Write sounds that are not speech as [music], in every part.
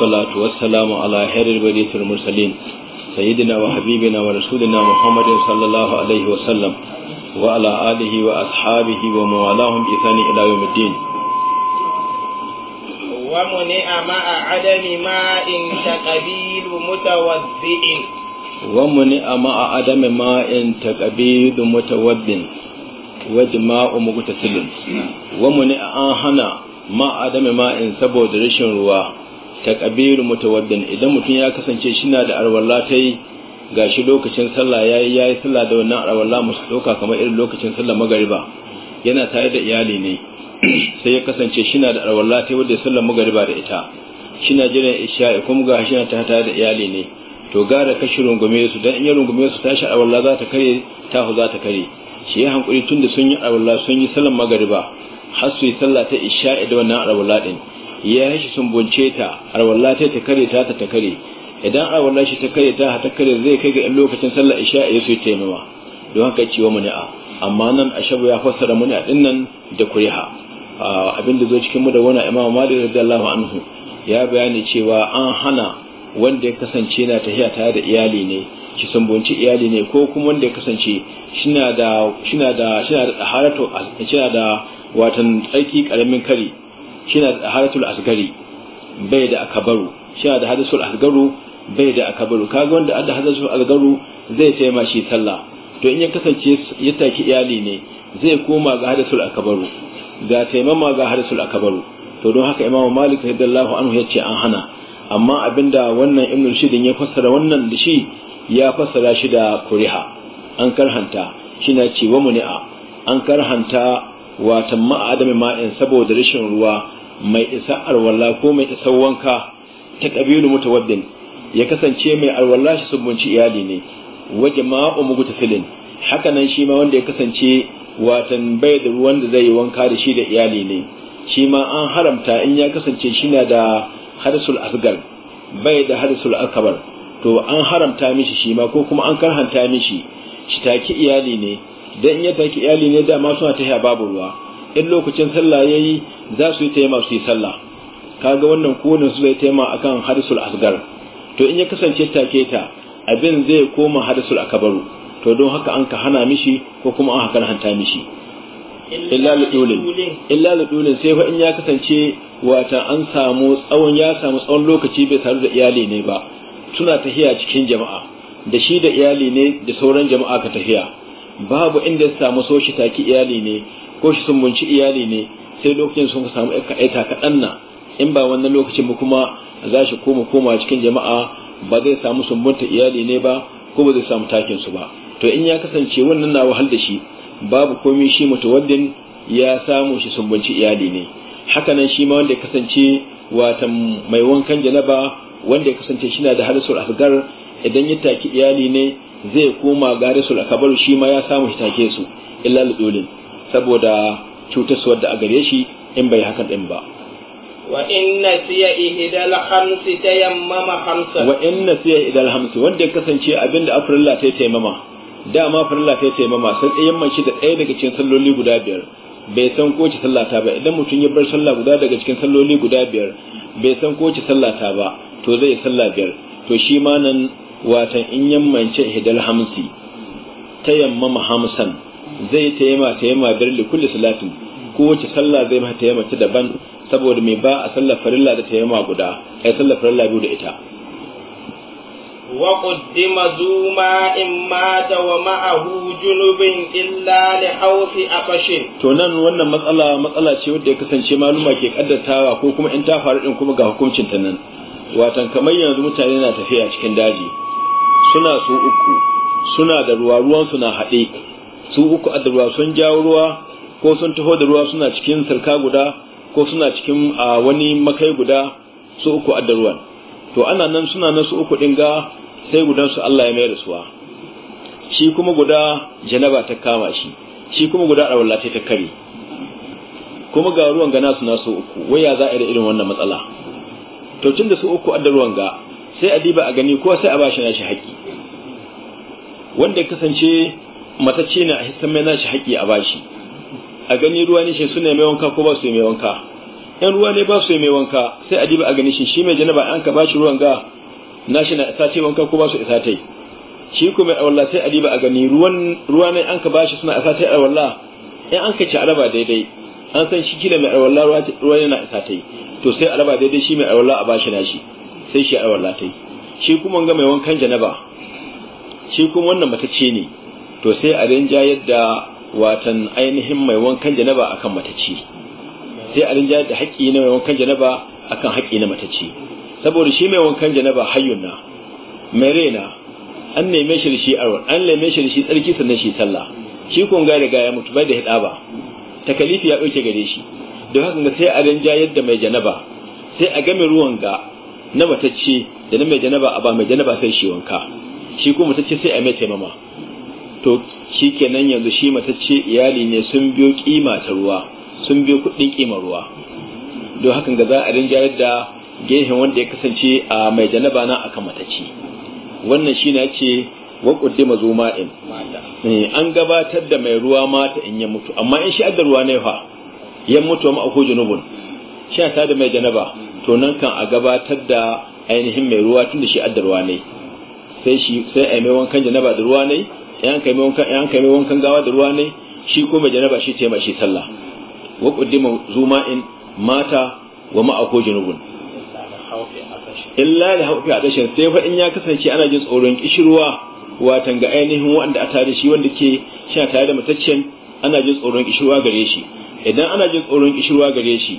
والصلاة والسلام على خير البرية المرسلين سيدنا وحبيبنا ورسولنا محمد صلى الله عليه وسلم وعلى آله وأصحابه وموالاهم إثان إلى يوم الدين ومنع مع عدم ماء تقبيل متوضئ ومنع مع عدم ماء تقبيل متوضئ وجماء مغتسل ومنع أنهنا ma adami ma'in saboda rashin ruwa kabiru mutawaddin idan mutum ya kasance shi na da arwalla tai gashi lokacin sallah yayi yayi sallah da wannan arwalla musu doka kamar irin lokacin sallah magariba yana tare da iyali ne [clears throat] sai ya kasance shi na da arwalla tai wanda sallah magariba da ita shi na jiran isha'i kuma ga shi na tare da iyali ne to gara kashi rungume su dan in ya rungume su tashi arwalla za ta kare tahu za ta kare shi ya hankuri tunda sun yi arwalla sun yi sallah magariba har su yi sallah ta isha da wannan arwalla din ya shi sumbunce ta arwalla ta ta kare ta ta kare idan arwalla shi ta kare ta ta kare zai kai ga lokacin sallar isha ya su taimawa don haka ciwo a amma nan ashabu ya fassara muni a nan da kuriha abin da zo cikin mu da wani imam malik radiyallahu anhu ya bayani cewa an hana wanda ya kasance na tahiya tare da iyali ne shi sumbunci iyali ne ko kuma wanda ya kasance shina da shina da shina da taharatu shina da watan tsarki karamin kari shina da haratul asgari bai da akabaru shina da hadisul asgaru bai da akabaru kaga wanda adda hadisul asgaru zai taima shi sallah to in ya kasance ya taki iyali ne zai koma ga hadisul akabaru ga taimama ga hadisul akabaru to don haka imam malik radiyallahu anhu yace an hana amma abinda wannan ibn shidin ya fassara wannan da shi ya fassara shi da kuriha an karhanta shi na ce wa muni'a an karhanta watan ma'adami ma'in saboda rashin ruwa mai isa alwala ko mai isa wanka ta kabilu mutawaddin ya kasance mai alwala shi sumbunci iyali ne wa jama'u mugtasilin haka nan shi ma wanda ya kasance watan bai da ruwan da zai yi wanka da shi da iyali ne shi ma an haramta in ya kasance shi na da harisul asgar bai da harisul akbar to an haramta mishi shi ma ko kuma an karhanta mishi shi taki iyali ne dan in ya taki iyali ne dama suna tafiya babu ruwa in lokacin sallah ya yi, za su yi taimama su yi sallah kaga wannan kowane su zai a kan hadisul asgar to in ya kasance take ta abin zai koma hadisul kabaru to don haka an ka hana mishi ko kuma an haka hanta mishi illa ludulin illa sai fa in ya kasance wata an samu tsawon ya samu tsawon lokaci bai saru da iyali ne ba suna tahiya cikin jama'a da shi da iyali ne da sauran jama'a ka tahiya babu inda ya samu soshi taki iyali ne ko shi sumbunci iyali ne sai lokacin sun samu ɗan kaɗan na in ba wannan lokacin ba kuma za shi koma koma cikin jama'a ba zai samu sumbunta iyali ne ba ko ba zai samu takin su ba to in ya kasance wannan na wahal da shi babu komai shi mutawaddin ya samu shi sumbunci iyali ne haka nan shi ma wanda ya kasance wata mai wankan janaba wanda ya kasance shi na da hadisul asgar idan ya taki iyali ne zai koma garisul akabar shi ma ya samu shi take su illa ludulin saboda cutaswar da a gare shi in bai hakan din ba wa in siya idal hamsi tayammama khamsa wa in siya ihdal khamsi wanda ya kasance abinda afrilla ta tayammama dama farilla ta tayammama sai yamman shi da ɗaya daga cikin salloli guda biyar bai san ko ci sallata ba idan mutum ya bar sallah guda daga cikin salloli guda biyar bai san ko ci sallata ba to zai sallah biyar to shi ma nan watan in yammance idal hamsi tayammama hamsan zai tayama tayama bir li kulli salatin kowace sallah zai mata tayama ta daban saboda mai ba a sallar farilla da tayama guda ai sallar farilla biyu da ita وقدم ذو ماء مات ومعه جنب إلا لحوث To nan, wannan matsala matsala ce wadda ya kasance maluma ke kaddatawa ko kuma in ta faru din kuma ga hukuncin ta nan watan kamar yanzu mutane na tafiya cikin daji suna su uku suna da ruwa ruwan suna haɗe su uku adda ruwa sun jawo ruwa ko sun taho da ruwa suna cikin sarka guda ko suna cikin a wani makai guda su uku adda ruwan to ana nan suna nan su uku dinga, ga sai gudan su Allah ya mai da suwa shi kuma guda janaba ta kama shi shi kuma guda alwala ta ta kare kuma ga ruwan ga nasu su uku waya za a da irin wannan matsala to tun da su uku a ruwan ga sai a diba a gani ko sai a bashi shi haƙi wanda ya kasance matacce ne a hisan mai nashi haƙƙi a bashi a gani ruwa ne shi suna mai wanka ko ba su mai wanka yan ruwa ne ba su mai wanka sai a diba a gani shi shi mai janaba an ka bashi ruwan ga nashi na isa ce wanka ko ba su isa tai shi ko mai awalla sai a diba a gani ruwan ruwa ne an ka bashi suna isa tai awalla in an ka ci araba daidai an san shi kila mai awalla ruwa yana isa tai to sai araba daidai shi mai awalla a bashi nashi sai shi awalla tai shi kuma ga mai wankan janaba shi kuma wannan matacce ne to sai a rinja yadda watan ainihin mai wankan janaba akan matace sai a rinja yadda haƙƙi na mai wankan janaba akan haƙƙi na matace saboda shi mai wankan janaba hayyuna mai rena an neme shi shi arwa an neme shi shi tsarki sannan shi sallah shi kun ga riga ya mutu bai da hida ba takalifi ya dauke gare shi don haka sai a rinja yadda mai janaba sai a ga mai ruwan ga na matacce da na mai janaba a ba mai janaba sai shi wanka shi kuma matacce sai a mai taimama to shi kenan yanzu shi matacce iyali ne sun biyo kima ta ruwa sun biyo kuɗin kima ruwa don hakan ga za a rinjayar da gehen wanda ya kasance a mai janaba na akan matacce wannan shi na ce wa kuddima mazo ma'in eh, an gabatar da mai ruwa mata in ya mutu amma in shi adda ruwa ne fa ya mutu ma ako junubun shi ta da mai janaba to nan kan a gabatar da ainihin mai ruwa tun da shi adda ruwa ne sai shi sai ai mai wankan janaba da ruwa ne yan kai wankan wankan gawa da ruwa ne shi ko mai janaba shi taimaka shi sallah wa qaddima zuma'in mata wa ako junubun illa da haufi a sai fa in ya kasance ana jin tsoron kishirwa watan ga ainihin wanda a tare shi wanda ke shi tare da mataccen ana jin tsoron kishirwa gare shi idan ana jin tsoron kishirwa gare shi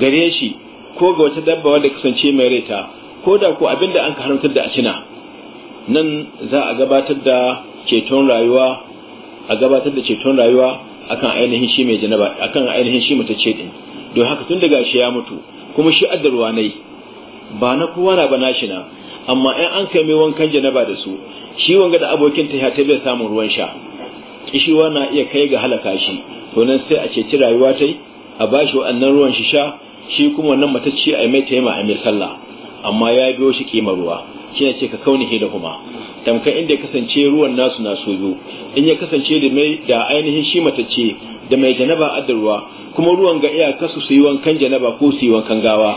gare shi ko ga wata dabba wanda kasance mai raita ko da ko abinda an ka haramtar da a cina nan za a gabatar da ceton rayuwa a gabatar da ceton rayuwa akan ainihin shi mai janaba akan ainihin shi ce din don haka tun daga shi ya mutu kuma shi addarwa ne ba na kowa na ba na shi na amma in an kai mai wankan janaba da su shi wanga da abokin ta ta bai samun ruwan sha kishiwa na iya kai ga halaka shi to nan sai a ceci rayuwa tai a bashi wa'annan ruwan shi sha shi kuma wannan matacce a mai taimaka a mai sallah amma ya biyo shi kimar ruwa shi ne ce ka kauni da kuma. tamka inda ya kasance ruwan nasu na soyo in ya kasance da mai da ainihin shi matacce da mai janaba adda ruwa kuma ruwan ga iyaka su su yi wankan janaba ko su yi wankan gawa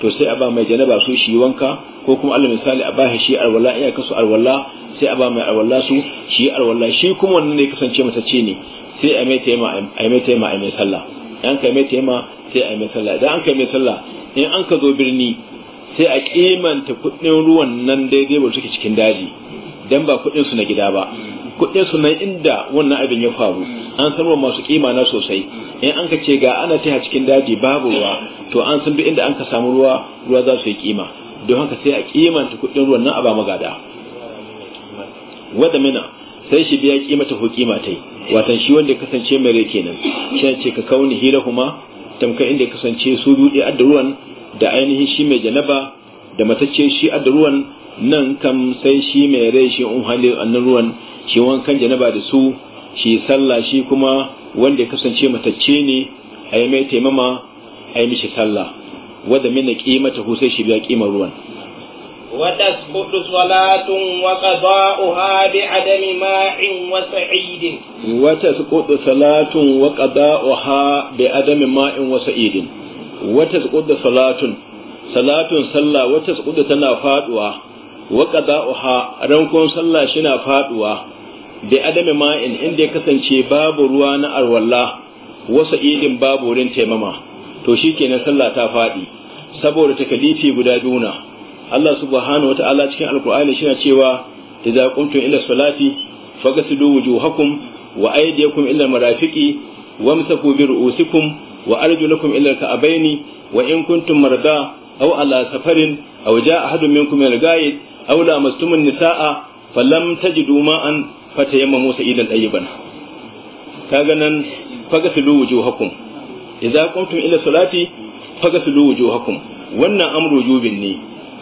to sai a ba mai janaba su shi wanka ko kuma Allah misali a ba shi alwala iyaka su alwala sai a ba mai alwala su shi alwala shi kuma wannan ne kasance matacce ne sai a mai taima a mai taima a mai sallah an kai mai taima sai a mai sallah idan an kai mai sallah in an ka zo birni sai a kimanta kuɗin ruwan nan daidai ba suke cikin daji dan ba kuɗinsu su na gida ba Kuɗinsu su nan inda wannan abin ya faru an san masu kima na sosai in an ka ce ga ana taya cikin daji babu ruwa to an san duk inda an ka samu ruwa ruwa za su yi kima don haka sai a kimanta kuɗin ruwan nan a ba magada wada mina sai shi biya ta ko tai watan shi wanda ya kasance mai rai kenan shi ce ka kauni hira kuma tamkar inda ya kasance su dudi da ruwan da ainihin shi mai janaba da matacce shi da ruwan nan kam sai shi mai rai shi in hali annan ruwan shi wankan janaba da su shi sallah shi kuma wanda ya kasance matacce ne a yi mai taimama a yi mishi sallah wadda mina kimata ko sai shi biya kimar ruwan وتسقط صلاة وقضاؤها بعدم ماء وسعيد وتسقط صلاة وقضاؤها بعدم ماء وسعيد wata tsukudu salatun salatun sallah wata tsukudu tana faduwa wa qada'uha rankon sallah shina faduwa bi adami ma'in inda ya kasance babu ruwa na arwalla wasa idin babu wurin taimama to shikenan sallah ta fadi saboda takalifi guda duna Allah subhanahu wata'ala cikin alkur'ani shina cewa idza qumtum ila salati faghsilu wujuhakum wa aydiyakum ila marafiqi wamsaku bi ru'usikum wa arju lakum ila ka'abaini wa in kuntum marda aw ala safarin a jaa ahadun minkum min al-ghaid aw lamastum an-nisaa falam tajidu ma'an fatayammamu sa'idan tayyiban kaga nan fagasilu wujuhakum idza qumtum ila salati fagasilu wannan amru jubin ne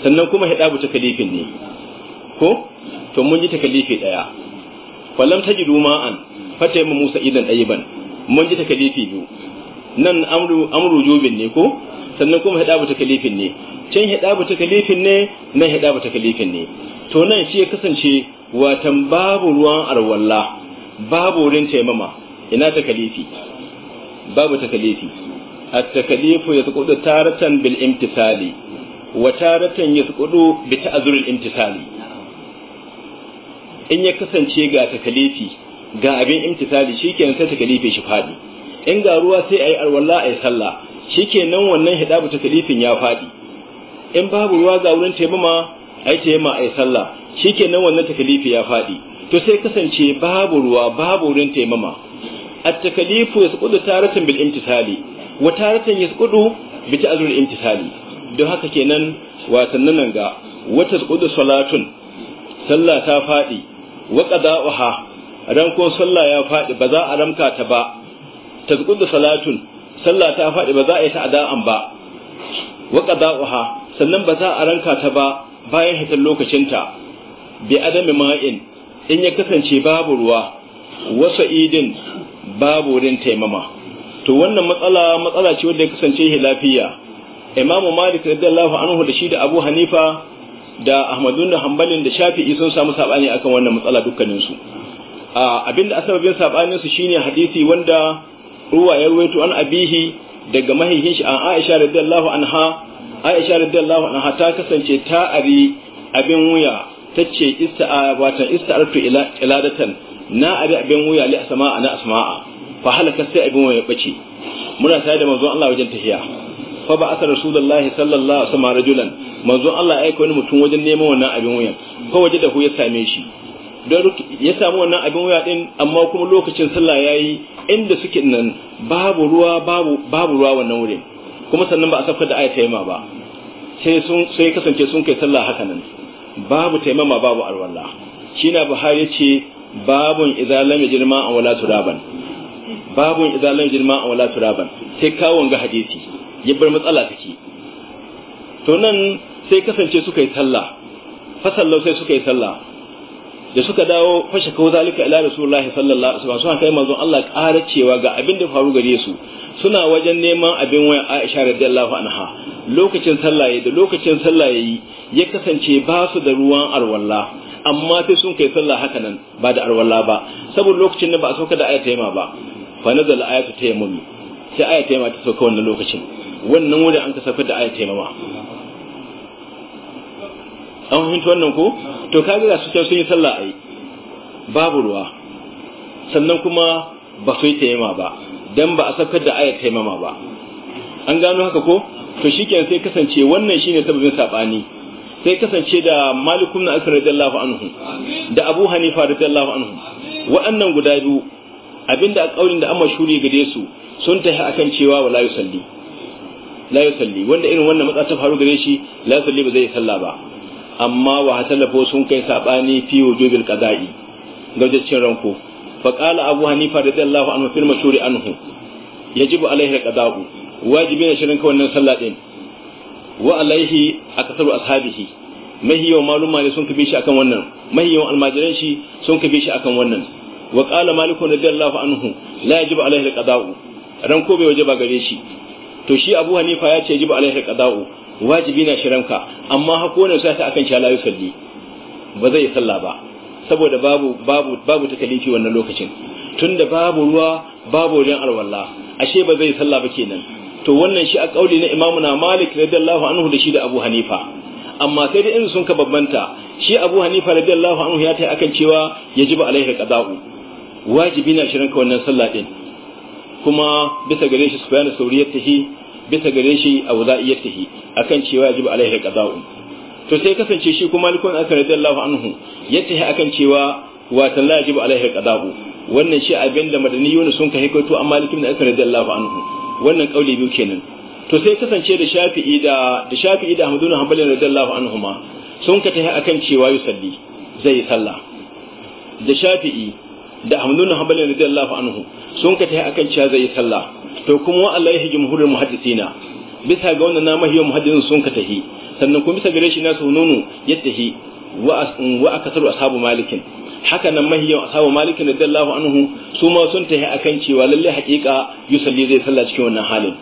sannan kuma hidabu takalifin ne ko to mun ji takalifi daya falam tajidu ma'an fatayammamu sa'idan tayyiban mun ji takalifi biyu nan amru amru jubin ne ko sannan kuma hidabu takalifin ne can hidabu takalifin ne nan hidabu takalifin ne to nan shi ya kasance watan babu ruwan arwalla babu wurin taimama ina takalifi babu takalifi at-takalifu yasqudu taratan bil imtisali wa taratan ya yasqudu bi ta'zuril imtisali in ya kasance ga takalifi ga abin imtisali kenan sai takalife shi fadi in ga ruwa sai ayi alwala ayi sallah shikenan wannan hidabu takalifin ya fadi in babu ruwa ga wurin taimama ayi taimama ayi sallah shikenan wannan takalifi ya fadi to sai kasance babu ruwa babu wurin taimama at-takalifu yasqudu taratan bil imtithali wa taratan yasqudu bi ta'zur imtithali don haka kenan watannan nan ga wata yasqudu salatun sallah ta fadi wa qada'uha ran ko sallah ya fadi ba za a ramka ta ba tazqudu salatun sallah ta faɗi ba za a yi ta ada'an ba wa qada'uha sannan ba za a ranka ta ba bayan hitar lokacinta bi adami ma'in in ya kasance babu ruwa wasa idin babu rin taimama to wannan matsala matsala ce wanda ya kasance hilafiya imamu malik radiyallahu anhu da shi da abu hanifa da Ahmadu ahmadun hanbalin da shafi'i sun samu sabani akan wannan matsala dukkaninsu ah, abinda asababin sabanin su shine hadisi wanda ruwa ya ruwaito an abihi daga mahihin shi an Aisha radiyallahu anha Aisha radiyallahu anha ta kasance ta abi abin wuya ta ce wata ista'artu ila iladatan na abi abin wuya li asma'a na asma'a fa halaka sai abin wuya bace muna tare da manzon Allah wajen tahiya fa ba asar rasulullahi sallallahu alaihi wasallam rajulan manzon Allah ya aika wani mutum wajen neman wannan abin wuyan ko waje da hu ya same shi don ya samu wannan abin wuya din amma kuma lokacin sallah yayi inda suke nan babu ruwa babu babu ruwa wannan wurin kuma sannan ba a safka da aya taimama ba sai sun sai kasance sun kai sallah haka nan babu taimama babu alwala shina buhari ce, babun idza lam an wala turaban babun idza lam an wala turaban sai kawon ga hadisi ya bar matsala take to nan sai kasance suka yi sallah fasallau sai suka yi sallah da suka dawo fashe kawo zalika ila rasulullahi sallallahu alaihi wasallam suna kai manzon Allah ƙara cewa ga abin da faru gare su suna wajen neman abin wayan Aisha radiyallahu anha lokacin sallah da lokacin sallah yayi ya kasance ba su da ruwan arwalla amma sai sun kai sallah haka nan ba da arwalla ba saboda lokacin ne ba a sauka da ayata tayma ba fa nazala ayatu tayammum sai ayata tayma ta sauka wannan lokacin wannan wurin an ka sauka da ayatu tayma an fahimci wannan ko to kaga ga su sun yi sallah ai babu ruwa sannan kuma ba su yi taimama ba dan ba a saukar da ayat taimama ba an gano haka ko to shikenan sai kasance wannan shine sababin sabani sai kasance da malikum na asir radiyallahu anhu da abu hanifa radiyallahu anhu waɗannan guda biyu abinda a kaurin da an mashuri gare su sun tafi akan cewa wala yusalli la yusalli wanda irin wannan matsalar ta faru gare shi la yusalli ba zai yi salla ba amma wa hatalafo sun kai sabani fi wujubil qada'i gaujacin ranko fa qala abu hanifa radiyallahu anhu fil mashhuri anhu yajibu alaihi wajibi ne shirin sallah din wa alaihi akatharu ashabihi mahiyawan maluma ne sun shi akan wannan almajiran shi sun shi akan wannan wa qala maliku radiyallahu anhu la yajibu alaihi ranko bai waje ba gare shi to shi abu hanifa ya ce yajibu alaihi wajibi na shiranka, amma hako ne ta akan sha la yusalli ba zai salla ba saboda babu babu babu takalifi wannan lokacin tunda babu ruwa babu wajen alwala ashe ba zai salla ba kenan to wannan shi a kauli na imamu na malik radiyallahu anhu da shi da abu hanifa amma sai da in sun ka babbanta shi abu hanifa radiyallahu anhu ya ta akan cewa yajibu alaihi qada'u wajibi na shiranka wannan sallah din kuma bisa gare shi sufyan sauriyar ya tahi bisa gare shi a wuza'iyatihi iya akan cewa ya alaihi qada'u to sai kasance shi kuma malikun aka radiyallahu anhu ya tahi akan cewa wa talla ya alaihi qada'u wannan shi abinda madaniyuna sun kai kai to amma malikun aka radiyallahu anhu wannan kauli biyu kenan to sai kasance da shafi'i da da shafi'i da ahmadu hanbali radiyallahu anhuma sun ka tahi akan cewa yusalli zai sallah da shafi'i da ahmadu hanbali radiyallahu anhu sun ka tahi akan cewa zai sallah to kuma wa Allah alaihi jumhurul muhaddisina bisa ga wannan nama hiyo muhaddisin sun ka tahi sannan kuma bisa gare shi na nunu ya tahi wa akasaru ashabu malikin haka nan mahiyan ashabu malikin radiyallahu anhu su ma sun tahi akan cewa lalle haqiqa yusalli zai salla cikin wannan halin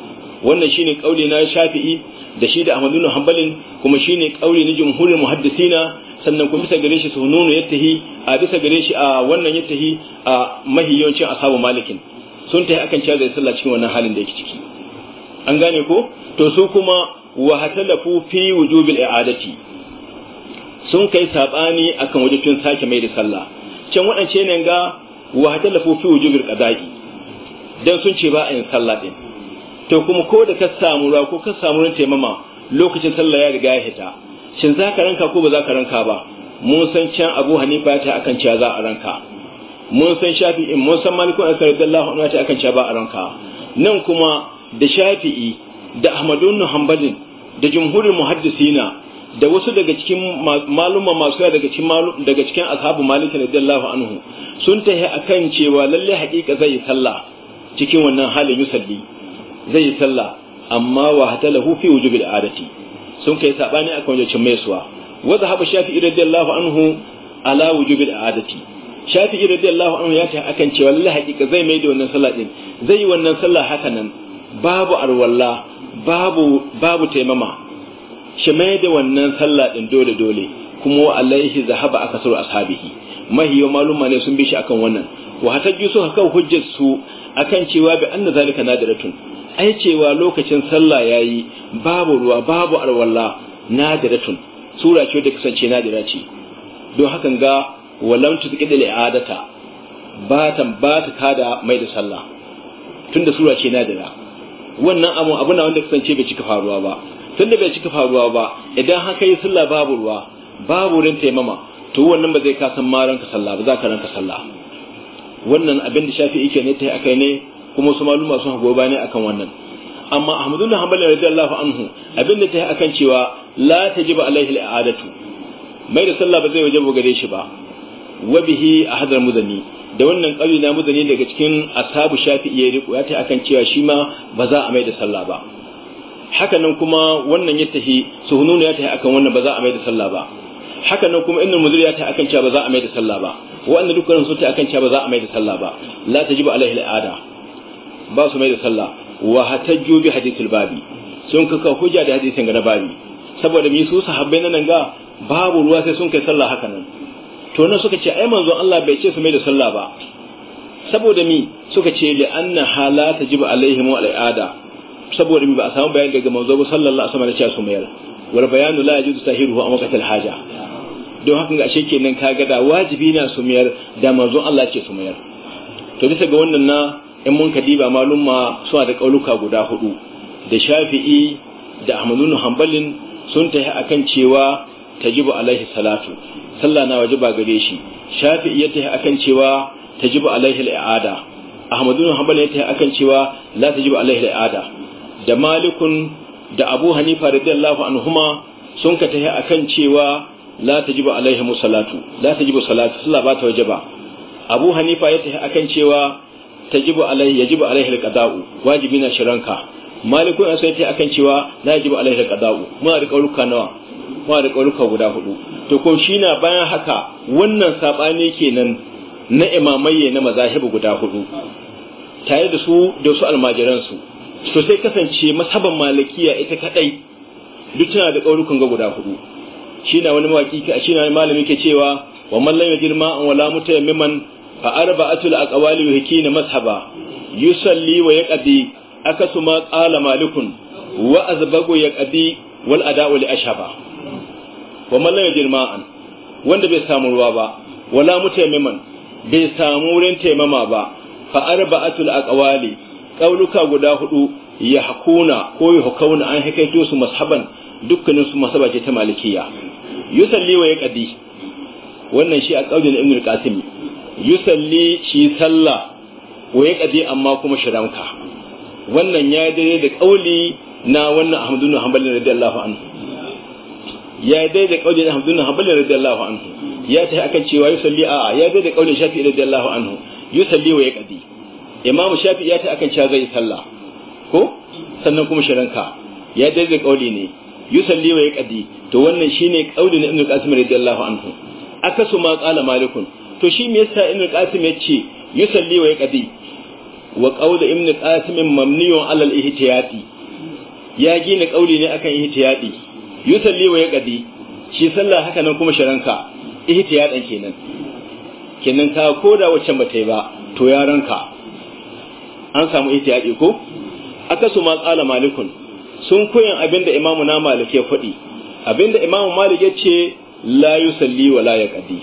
wannan shine kauli na Shafi'i da shi da Ahmad bin Hanbal kuma shine kauli na jumhurul muhaddisina sannan kuma bisa gare shi sununu ya tahi a bisa gare shi a wannan ya tahi a mahiyancin ashabu malikin sun tafi akan da ya sallah cikin wannan halin da yake ciki an gane ko to su kuma wa hatalafu fi wujubil i'adati sun kai sabani akan wajibin sake mai da sallah can waɗance ne ga wa hatalafu fi wujubil qada'i dan sun ce ba a yin sallah din to kuma ko da ka samu ra ko ka samu ran taimama lokacin sallah ya riga ya hita shin za ka ranka ko ba za ka ranka ba mun san can abu hanifa ta akan cewa za a ranka mun san shafi'in eh, mun san maliku an sarrafa Allah anhu ta akan ba a ranka nan kuma da shafi'i da ahmadu ibn hanbalin da jumhurin muhaddisina da wasu daga cikin maluma masu daga cikin daga cikin ashabu malik radiyallahu anhu sun tahi akan cewa lalle haƙiƙa zai yi sallah cikin wannan halin yusalli zai yi sallah amma wa hatalahu fi wujubil adati sun kai sabani akan wajen cin mesuwa wa zahaba shafi'i radiyallahu anhu ala wujubil adati shafi'i radiyallahu anhu ya ce akan cewa lallai haƙiƙa zai mai da wannan sallah din zai yi wannan sallah haka nan babu arwalla babu babu taimama shi mai da wannan sallah ɗin dole dole kuma alaihi zahaba suru ashabihi mahiyo maluma ne sun bi shi akan wannan wa hatajju su haka hujjar su akan cewa bi anna zalika nadiratun ai cewa lokacin sallah yayi babu ruwa babu arwalla nadiratun sura ce da kasance nadira ce don hakan ga walam da li'adata ba ta ba ta kada mai da sallah tunda sura ce nadira wannan abu abuna na wanda kasance bai cika faruwa ba tunda bai cika faruwa ba idan haka yi sallah babu ruwa babu rin taimama to wannan ba zai san maran ka sallah ba za ka ranka sallah wannan abin da shafi yake ne tai akai ne kuma su maluma sun hago ne akan wannan amma ahmadu bin hanbal radiyallahu anhu abin da tai akan cewa la tajibu alaihi al'adatu mai da sallah ba zai wajibu gare shi ba wa bihi ahadar muzani da wannan kauli na muzani daga cikin ashabu shafi'i ya riko ya ta akan cewa shi ma ba za a mai da sallah ba haka nan kuma wannan ya tafi suhununu ya tafi akan wannan ba za a mai da sallah ba haka nan kuma innul muzir ya tafi akan cewa ba za a mai da sallah ba wa'anda dukkan su ta akan cewa ba za a mai da sallah ba la tajibu alaihi al'ada ba su mai da sallah wa hatajju bi hadithul babi sun kaka hujja da hadisin ga babi saboda mi su sahabbai nan ga babu ruwa sai sun kai sallah haka nan to nan suka ce ai manzon Allah bai ce su mai da sallah ba saboda mi suka ce li anna hala tajib alaihim wa al'ada saboda mi ba a samu bayani daga manzo sallallahu alaihi wasallam da cewa su mayar wal bayanu la yajuzu sahiruhu a waqtil haja don haka ga kenan ka ga da wajibi na su mayar da manzon Allah ce su mayar to bisa ga wannan na in mun kadiba malumma suna da kauluka guda hudu da Shafi'i da Ahmadu bin Hanbalin sun tafi akan cewa tajibu alaihi salatu sallah na wajiba gare shi shafi'i ya tafi akan cewa tajibu alaihi al'ada bin hanbal ya tafi akan cewa la tajibu alaihi al'ada da malikun da abu hanifa radiyallahu anhuma sun ka tafi akan cewa la tajibu alaihi musallatu la tajibu salatu sallah ba ta wajiba abu hanifa ya tafi akan cewa tajibu alaihi yajibu alaihi alqada'u wajibi na shiranka malikun sai ta akan cewa la yajibu alaihi al-qada'u muna da kauruka nawa ma da ƙaunuka guda hudu to ko shi na bayan haka wannan saɓani kenan na imamaiye na mazahibu guda hudu tare da su da su almajiransu to sai kasance masaban malikiya ita kadai duk tana da ƙaunukan ga guda hudu shi na wani mawaki shi na malami ke cewa wa mallam ya girma an wala mutayammiman fa arba'atul aqwali wa hikina mashaba yusalli wa yaqdi akasu ma qala malikun wa azbagu yaqdi wal ada'u li ashaba wa man jirma an, wanda bai samu ruwa ba wala mutaymiman bai samu wurin taimama ba fa arba'atul aqwali qauluka guda hudu ya hakuna ko ya hukauna an hakaito su mashaban dukkanin su masaba ce ta malikiya yusalli wa yaqdi wannan shi a qaulin ibn al-qasim yusalli shi sallah wa yaqdi amma kuma shiramka wannan ya dare da qauli na wannan ahmadu bin hanbal radiyallahu anhu ya dai da kaulin Ahmad bin Hanbal radiyallahu anhu ya ta akan cewa yusalli a ya dai da shafi Shafi'i radiyallahu anhu yusalli wa yaqdi Imam shafi ya ta akan cewa zai sallah ko sannan kuma shiranka ya dai da kauli ne yusalli wa yaqdi to wannan shine kaulin Ibn Qasim radiyallahu anhu akasu ma qala malikun to shi me yasa Ibn Qasim ya ce yusalli wa yaqdi wa qawlu Ibn Qasim mamniyun alal ihtiyati ya gina kauli ne akan ihtiyati yusalli wa yaqdi shi sallah haka nan kuma sharanka dan kenan kenan ta koda waccan bata yi ba to ranka an samu ya ko akasu ma tsala malikun sun koyan abinda imamu na malik ya faɗi abinda imamu malik ya ce la yusalli wa la yaqdi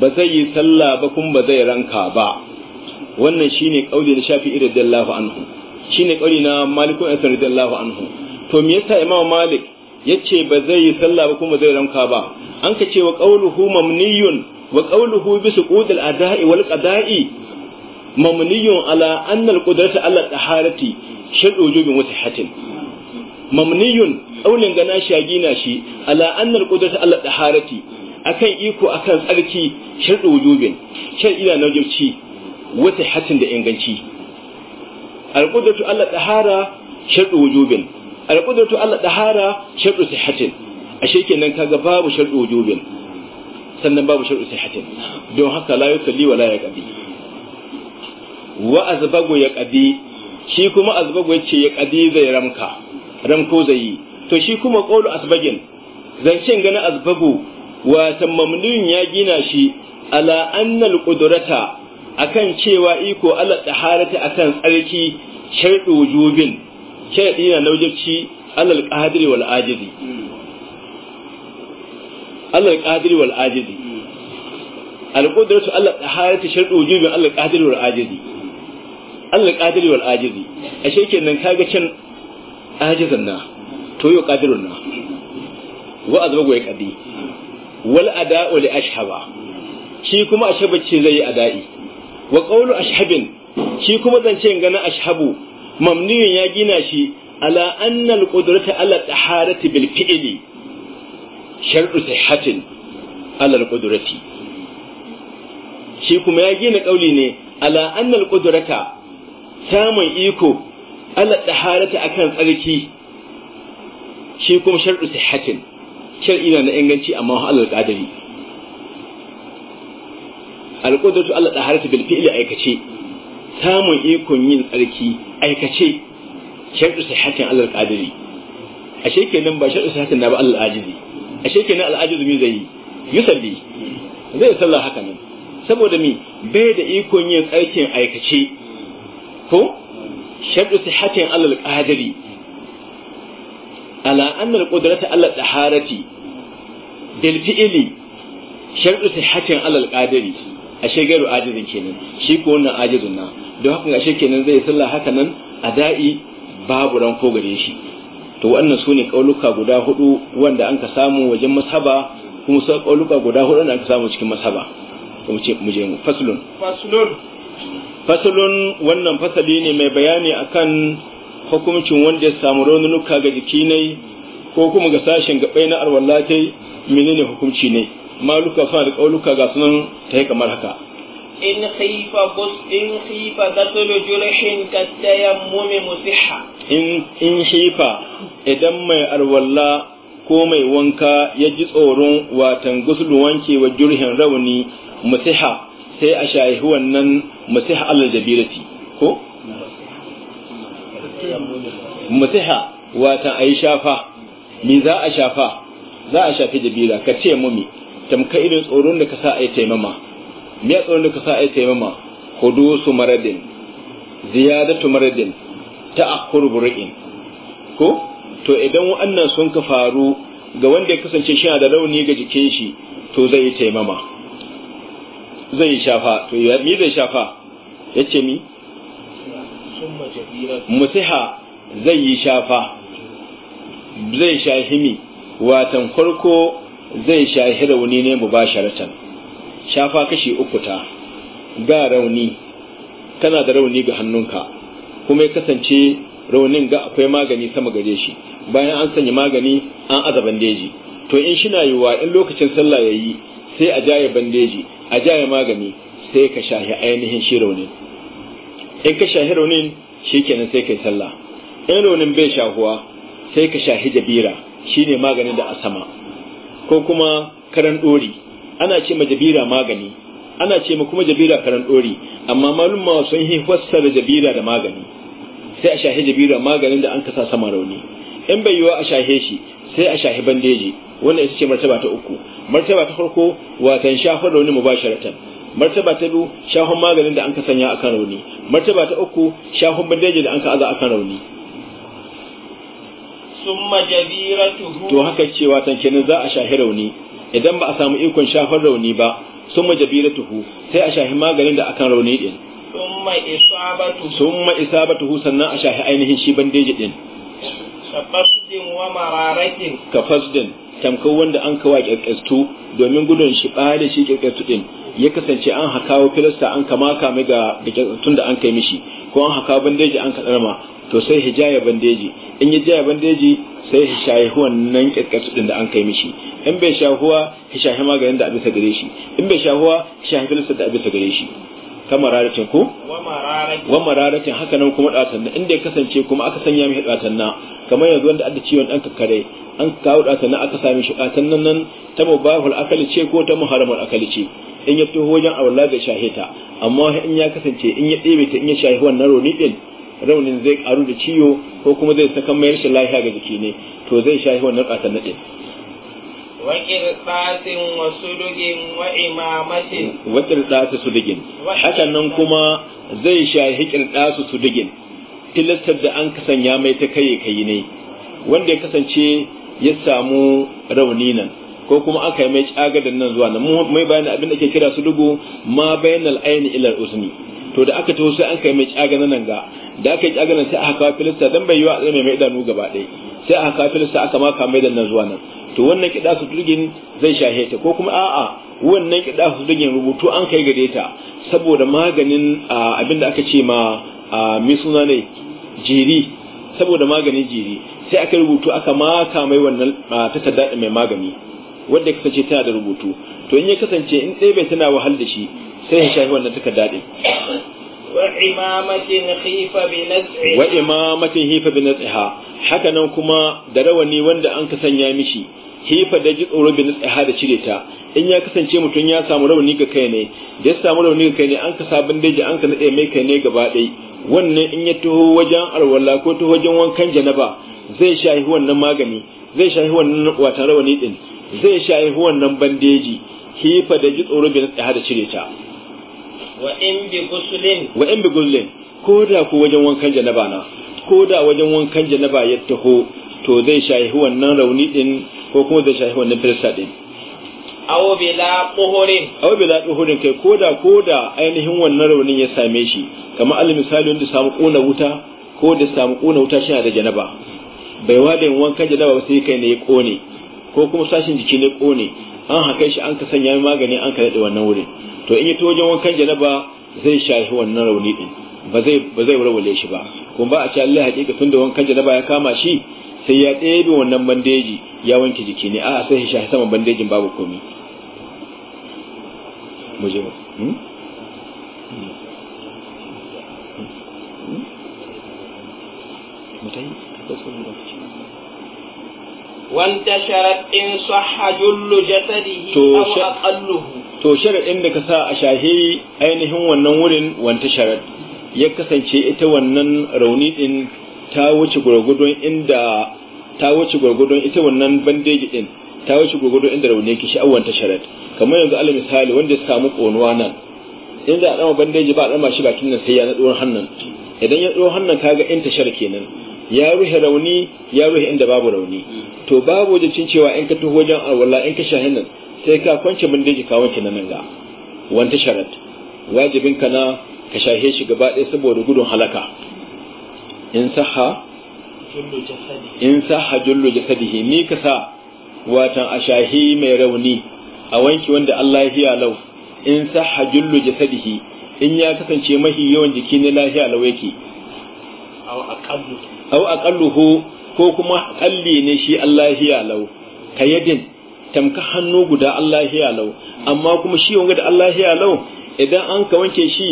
ba zai yi sallah ba kuma ba zai ranka ba wannan shine kauli na da Allahu anhu shine kauli na malikun asr Allahu anhu to me yasa imamu malik yace ba zai yi sallah ba kuma zai ranka ba an ka ce wa qawluhu mamniyun wa qawluhu bi suqud al ada'i wal qada'i mamniyun ala an al qudrata ala taharati shi wujubin wa hatin. mamniyun qawlin gana shagi shi ala an al qudrata ala taharati akan iko akan tsarki shadu wujubin shi ina na wajibci wa da inganci al qudratu ala tahara shadu wujubin alqudratu Allah dahara shartu A ashe kenan kaga babu shartu wujubin sannan babu shartu sihatin don haka la yusalli wa la yaqdi wa azbagu yaqdi shi kuma azbagu yace qadi zai ramka ramko zai yi to shi kuma qawlu asbagin zancen ganin azbagu Wa mamnun ya gina shi ala annal qudrata akan cewa iko Allah ta akan tsarki shartu wujubin sharaɗi na naujabci alal qadiri wal ajizi alal qadiri wal ajizi alqudratu alal taharati shartu wujubin alal qadiri wal ajizi alal qadiri wal ajizi ashe kenan kaga can ajizan na to yo qadirun na wa azba goye kadi wal ada'u li ashhaba shi kuma ashhabace zai yi ada'i wa qawlu ashhabin shi kuma zance ganin ashhabu mamniyun ya gina shi ala annal qudrata ala taharati bil fi'li shartu sihhatin ala al qudrati shi kuma ya gina kauli ne ala annal qudrata samun iko ala taharati akan tsarki shi kuma shartu sihhatin ina na inganci amma wa al qadari al qudratu ala taharati bil fi'li aikace samun ikon yin tsarki aikace sai sihatin Allah qadiri a shekenan ba sai sihatin na ba alal ajizi ashe kenan al zai yi yi yusalli zai sallah haka nan saboda mi bai da ikon yin tsarkin aikace ko sai sihatin Allah qadiri ala annal qudrata ala taharati bil fi'li sai sihatin Allah qadiri ashe gairu ajizin kenan shi ko wannan ajizin na don haka ashe kenan zai salla haka nan a da'i babu ran ko gare shi to wannan sune kauluka guda hudu wanda an ka samu wajen mashaba kuma sai kauluka guda hudu da an ka samu cikin mashaba to mu ce mu je mu faslun faslun faslun wannan fasali ne mai bayani akan hukuncin wanda ya samu raunuka ga jiki ne ko kuma ga sashen gabai na arwallatai menene hukunci ne maluka suna da ƙauluka ga sunan ta yi kamar haka in khifa gus in khifa gasul jurhin katayammum musihha in in khifa idan mai alwala ko mai wanka ya ji tsoron watan gusul wanke wa jurhin rauni musiha sai a shahi wannan musiha alal jabirati ko musiha watan ayi shafa me za a shafa za a shafi jabira ka ce mumi tamka irin tsoron da ka sa a yi taimama me ya tsoron da ka sa a yi taimama hudusu maradin ziyadatu maradin ta bur'in ko to idan wa'annan sun ka faru ga wanda ya kasance shi da rauni ga jikin shi to zai yi taimama zai shafa to yi zai shafa yace mi musiha zai yi shafa zai shahimi watan farko zai shahi rauni ne mubasharatan shafa kashi uku ta ga rauni kana da rauni ga hannunka kuma ya kasance raunin ga akwai magani sama gare shi bayan an sanya magani an aza bandeji to in shi na yiwuwa in lokacin sallah ya yi sai a jaye bandeji a jaye magani sai ka shahi ainihin shi raunin in ka shahi raunin shi kenan sai yi sallah in raunin bai shahuwa sai ka shahi jabira shi ne maganin da a sama ko kuma karan ɗori ana ce ma jabira magani ana ce ma kuma jabira karan ɗori amma malum ma sun yi fassara jabira da magani sai a shahe jabira maganin da an kasa sama rauni in bai yiwa a shahe shi sai a shahe bandeji wanda ita ce martaba ta uku martaba ta farko watan shafar rauni mubasharatan martaba ta biyu shahon maganin da an ka sanya akan rauni martaba ta uku shahon bandeji da an ka aza akan rauni summa jabiratuhu to haka cewa tan kenan za a shahi rauni idan ba a samu ikon shafar rauni ba summa jabiratuhu sai a shahi maganin da akan rauni din summa isabatu summa isabatuhu sannan a shahi ainihin shi bandeji din kafasdin wa mararatin kafasdin tamkar wanda an kawa kyakkastu domin gudun shi bare shi kyakkastu din ya kasance an wa filasta an kama kame ga tun da an kai mishi ko an haka bandeji an kadarma to sai hijaya bandeji in ya jaya bandeji sai hishayi nan kirkatsu din da an kai mishi in bai shahuwa hishahi maganin da a bisa gare shi in bai shahuwa hishahi filasta da a bisa gare shi ta mararacin ko wa mararacin haka nan kuma datanna inda ya kasance kuma aka sanya mishi datanna kamar yanzu wanda adda ciwon danka kare an kawo datanna aka sami shi datannan nan ta mubahul akali ce ko ta muharamul akali ce in ya fito wajen awalla bai shahe ta amma in ya kasance in ya ɗebe ta in ya shahe wannan rauni ɗin raunin zai karu da ciwo ko kuma zai saka mayar shi lafiya ga jiki ne to zai shahe wannan datanna din wa kirtasi sudugin hakan nan kuma zai shahi su sudugin tilastar da an kasanya mai ta kai kai ne wanda ya kasance ya samu rauni nan ko kuma aka yi mai cagadan nan zuwa nan mai bayan abin da ke kira su sudugu ma bayan al'ayin ilar usni to da aka taho sai an kai mai kyagana nan ga da aka yi kyagana sai aka kawo filista dan bai yi a tsaye mai idanu gaba ɗaya sai aka kawo filista aka maka mai da zuwa nan to wannan kiɗa su turgin zai shahe ta ko kuma a'a wannan kiɗa su turgin rubutu an kai gare ta saboda maganin abinda aka ce ma mai ne jiri saboda maganin jiri sai aka rubutu aka maka mai wannan takarda mai magani wanda kasance tana da rubutu to in ya kasance in ɗaya bai tana wahal da shi sai ya shafi wannan takarda dade wa imamatin hifa bi natsiha haka nan kuma da rawani wanda an kasanya mishi hifa da ji tsoro bi ha da cire ta in ya kasance mutum ya samu rawani ga kai ne da ya samu rawani ga kai ne an ka sabin daji an ka nade mai kai ne gaba dai wannan in ya taho wajen alwala ko taho wajen wankan janaba zai shahi wannan magani zai shahi wannan wata rawani din zai shahi wannan bandeji hifa da ji tsoro bi natsiha da cire ta wa in bi gusulin wa ko da ku wajen wankan janaba na ko da wajen wankan janaba ya taho to zai shahi wannan rauni din ko kuma zai shahi wannan filsa din awo bila tuhurin awo bila tuhurin kai ko da ko da ainihin wannan raunin ya same shi kamar alal misali wanda samu kona wuta ko da samu kona wuta shi da janaba bai wada yin wankan janaba ba sai kai ne ya kone ko kuma sashin jiki ne kone an haka shi an ka sanya magani an ka daɗe wannan wurin to in ya to wajen wankan janaba zai shafi wannan rauni din ba zai ba zai warware shi ba kuma ba a ce Allah hakika tun da wankan janaba ya kama shi sai ya tsebe wannan bandeji ya wanke jiki ne a sai shafi saman bandejin babu komai mu وانتشرت إن صح جل جسده أو أقله to sharaɗin da ka sa a shahe ainihin wannan wurin wanta sharaɗ ya kasance ita wannan rauni ɗin ta wuce gwargwadon inda ta wuce gwargwadon ita wannan bandeji ɗin ta wuce gwargwadon inda rauni yake sha'awar wanta sharaɗ kamar yanzu alal misali wanda ya samu ƙonuwa nan in za a ɗama bandeji ba a ɗama shi bakin nan sai ya naɗuwar hannun idan ya tsohon hannun kaga in ta sharaɗ kenan ya ruhe rauni ya ruhe inda babu rauni to babu wajen cewa in ka taho wajen alwala in ka shahin nan sai ka kwance da ka wanke na nanga wanta sharat wajibin ka na ka shahe shi gaba ɗaya saboda gudun halaka in saha in saha jullu jasadihi ni ka sa watan a shahi mai rauni a wanki wanda Allah ya hiya lau in saha jullu jasadihi in ya kasance mahi yawan jiki ne lahiya lau yake au aqalluhu ko kuma kalli ne shi Allah ya hiya lau kayadin tamka hannu guda Allah ya lau amma kuma shi wanga da Allah ya lau idan an ka wanke shi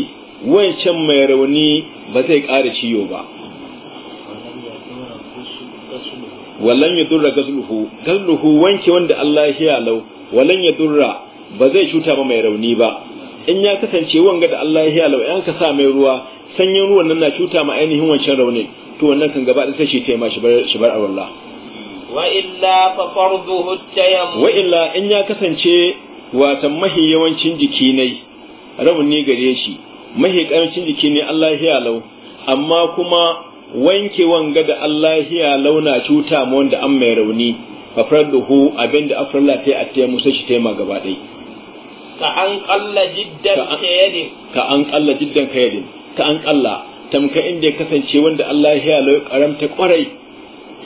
wancan mai rauni ba zai ƙara ciyo ba wallan ya durra gazluhu gazluhu wanke wanda Allah ya lau wallan ya durra ba zai cuta ba mai rauni ba in ya kasance wanga da Allah ya lau an ka sa mai ruwa sanyin ruwan nan na cuta ma ainihin wancan raunin to wannan kan gaba da sai shi taimaka shi bar shi bar Allah wa illa fa farduhu wa illa in ya kasance watan mahi yawancin jiki ne rabin gare shi mahi karancin jiki ne Allah ya lau amma kuma wanke wanga da Allah ya launa cuta mu wanda an mai rauni fa farduhu abinda afrala ta a tayammum sai shi tema gaba dai ka an kalla jiddan kayadin ka an kalla jiddan kayadin ka an kalla tamka inda ya kasance wanda Allah ya lau karamta kwarai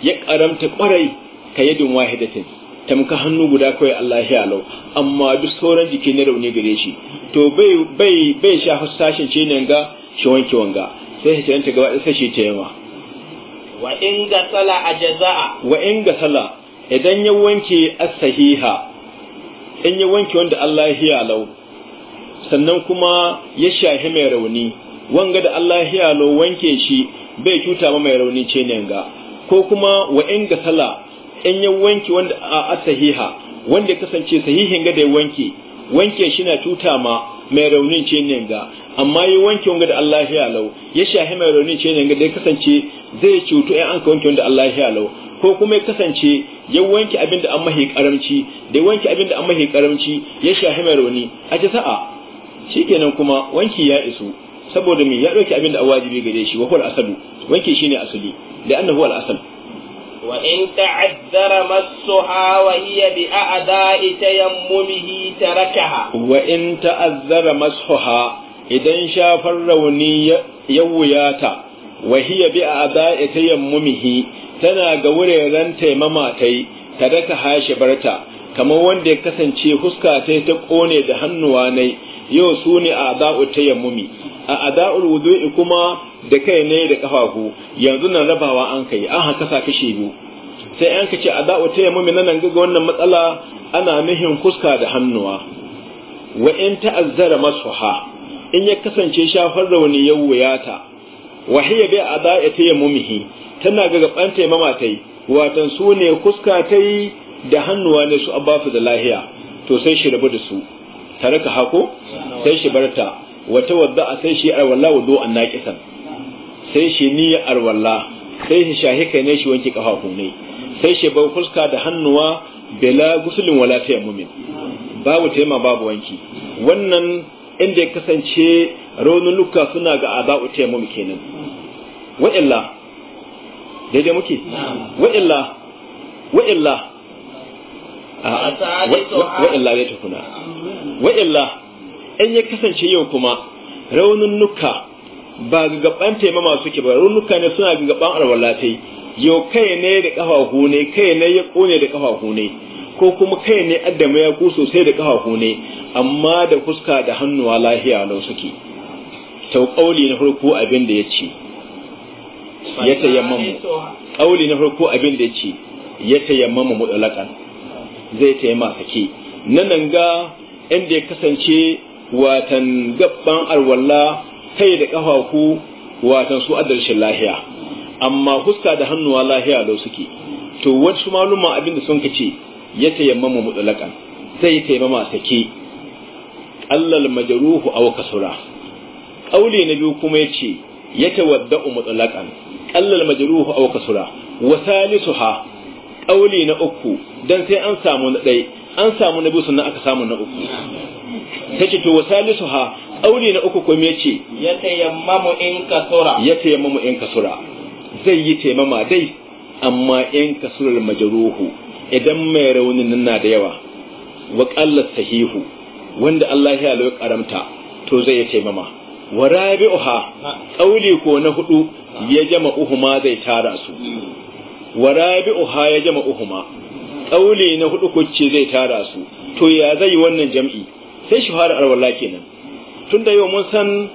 ya karamta kwarai ka yadin wahidatin tamka hannu guda kawai Allah ya lau amma duk sauran jiki ne rauni gare shi to bai bai bai sha hussashin ce ne ga shi wanke wanga sai shi ta gaba sai shi ta yawa wa in ga sala ajza'a wa in ga sala idan ya wanke as-sahiha in ya wanke wanda Allah ya lau sannan kuma ya shahi mai rauni wanga da Allah ya lau wanke shi bai cuta ba mai rauni ce ne ga ko kuma wa in gasala in ya wanki wanda a sahiha wanda kasance sahihin ga da wanki wanke wanke shi na tuta ma mai raunin ce ne ga amma yi wanke wanda Allah ya lau ya shahi mai raunin ce ne ga da ya kasance zai cutu in an ka wanke wanda Allah ya lau ko kuma ya kasance ya wanke abin da an mahi karamci da wanki wanke abin da an mahi karamci ya shahi mai rauni a ce sa'a shikenan kuma wanki ya isu saboda me ya dauki abin da wajibi gare shi wa huwa al-aslu wanke shine asali da annahu huwa al-asl wa in ta'azzara massuha wa hiya bi a'da'i tayammumihi tarakaha wa in ta'azzara massuha idan shafar rauni ya wuyata wa hiya bi a'da'i tayammumihi tana ga wuraren taimama tai taraka hashi barta kamar wanda ya kasance huska ta ta kone da hannuwa nai yau su ne a da'u yammumi a ada'ul wudu'i kuma da kai ne da kafafu yanzu nan rabawa an kai an haka sa kashe biyu sai an kace ta yammumi nan ga wannan matsala ana nihin kuska da hannuwa wa in ta'azzara masuha in ya kasance shafar rauni ya wuyata wa hiya bi ada'i tayammumihi tana ga gaban taimama tai watan su kuska tai da hannuwa ne su abafu da lahiya to sai shi rabu da su taraka hako sai shi barta wata wadda a sai shi arwalla wudu an naqisan sai shi niyya arwalla sai shi shahi kai ne shi wanke kafafu ne sai shi bau fuska da hannuwa bila gusulin wala tayammumin babu tema babu wanki wannan inda ya kasance raunin luka suna ga aba'u tayammum kenan wa illa daidai muke wa illa wa illa wa illa ya tukuna wa illa in ya kasance yau kuma nuka ba gaban taimama suke ba raunuka ne suna gaban alwalatai yau kai ne da kafa hune kai ne ya kone da kafa hune ko kuma kai ne addama ya ku sosai da kafa hune amma da fuska da hannuwa lahiya na suke tau kauli na farko abin da ya ce ya tayammamu kauli na farko abin da ya ce ya tayammamu mutlaqan zai taimaka sake nan ga inda ya kasance watan gabban alwala kai da ƙafafu watan su adalcin lahiya amma huska da hannuwa lahiya lau suke to wasu maluma abin da sun kace ya tayammama mutlaqan zai tayammama sake allal majruhu aw kasura qauli na biyu kuma yace ya tawadda'u mutlaqan allal majruhu aw kasura wa salisuha qauli na uku dan sai an samu na dai an samu na biyu sannan aka samu na uku ta ce to wasalisu ha aure na uku kuma ya ce ya tayammamu in kasura ya tayammamu in kasura zai yi taimama dai amma in kasurar majaruhu idan mai raunin nan na da yawa wa sahihu wanda Allah ya alwa karamta to zai yi taimama wa rabi'uha qauli ko na hudu ya uhuma zai tara su wa uha ya uhuma. tsaule na hudu kucce zai tara su to ya zai wannan jam'i sai shi fara arwalla kenan tun da yau mun san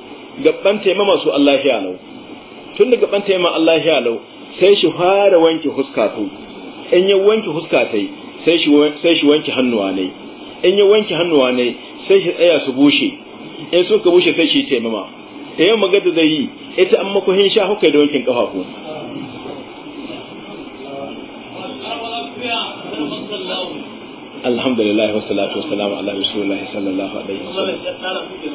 gaban taimama su Allah ya lau tun da gaban taimama Allah ya lau sai shi fara wanke huska to in ya wanke huska sai sai shi sai shi wanke hannuwa ne in ya wanke hannuwa ne sai shi tsaya su bushe in suka bushe sai shi taimama da yau magana zai yi ita an hin sha hukai da wankin kafafu alhamdulillah wa ala rasulillah sallallahu alaihi